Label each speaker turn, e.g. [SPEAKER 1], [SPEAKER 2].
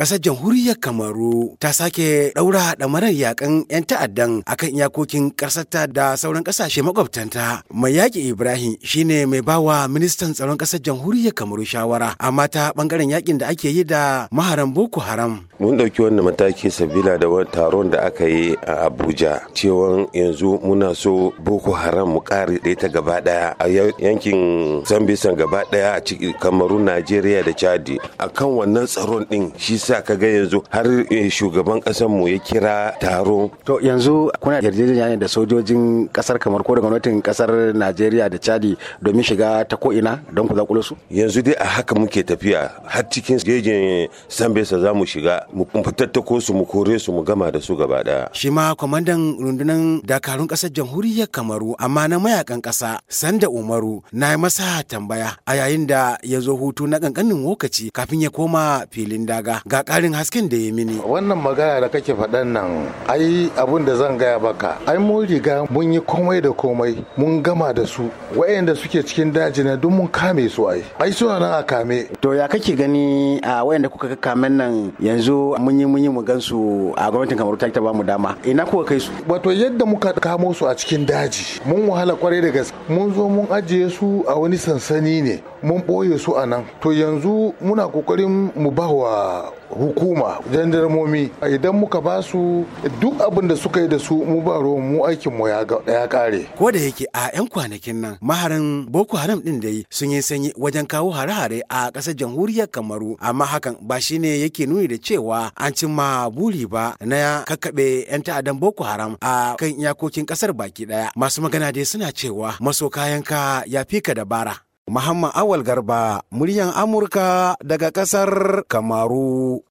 [SPEAKER 1] ƙasar jamhuriyar kamaru ta sake ɗaura ɗamarar yakan 'yan ta'addan akan iyakokin ƙasarta da sauran kasashe makwabtanta mai yaƙi ibrahim shine mai bawa ministan tsaron ƙasar jamhuriyar kamaru shawara amma ta ɓangaren yakin da ake yi da maharan boko haram
[SPEAKER 2] mun ɗauki wannan mataki sabila da taron da aka yi a abuja cewa yanzu muna so boko haram mu kare da ta gaba daya a yankin zambisan gaba ɗaya a cikin kamaru najeriya da chadi akan wannan tsaron din shi yasa ka ga yanzu har eh, shugaban kasar mu ya kira taro to yanzu kuna
[SPEAKER 1] yarjejeniya ne da sojojin kasar kamar ko da gwamnatin kasar Najeriya da Chadi domin shiga ta ko
[SPEAKER 2] ina don ku zakulo su yanzu dai a haka muke tafiya har cikin gejin Sambesa za mu shiga mu fitattako su mu kore su mu gama da su gaba ɗaya
[SPEAKER 1] shi ma kwamandan rundunan dakarun kasar jamhuriyar Kamaru amma na mayakan kasa Sanda Umaru na yi masa tambaya a yayin da ya zo hutu na kankanin lokaci kafin ya koma filin daga
[SPEAKER 3] ga karin hasken da ya mini. Wannan magana da kake faɗan nan ai abun da zan gaya baka ai mun riga mun yi komai da komai mun gama da su wayanda suke cikin daji na duk mun kame su ai ai suna nan a kame. To ya kake gani a wayanda kuka kamen nan
[SPEAKER 1] yanzu mun yi mun yi mu gan a gwamnatin Kamaru ta ta bamu dama
[SPEAKER 3] ina kuka kai su. Wato yadda muka kamo su a cikin daji mun wahala kwarai da gaske mun zo mun ajiye su a wani sansani ne mun boye su a nan to yanzu muna kokarin mu ba wa hukuma jandarmomi idan muka ba su duk abin da suka yi da su mu ba ruwan mu aikin mu ya kare ko da yake a yan kwanakin nan maharan boko haram din da yi
[SPEAKER 1] sun yi sanyi wajen kawo hare-hare a ƙasar jamhuriyar kamaru amma hakan ba shine yake nuni da cewa an cimma buri ba na kakkaɓe yan ta'addan boko haram a kan iyakokin ƙasar baki ɗaya masu magana dai suna cewa maso kayanka ya fi ka dabara Muhammad Awal Garba, muryan Amurka daga ƙasar Kamaru.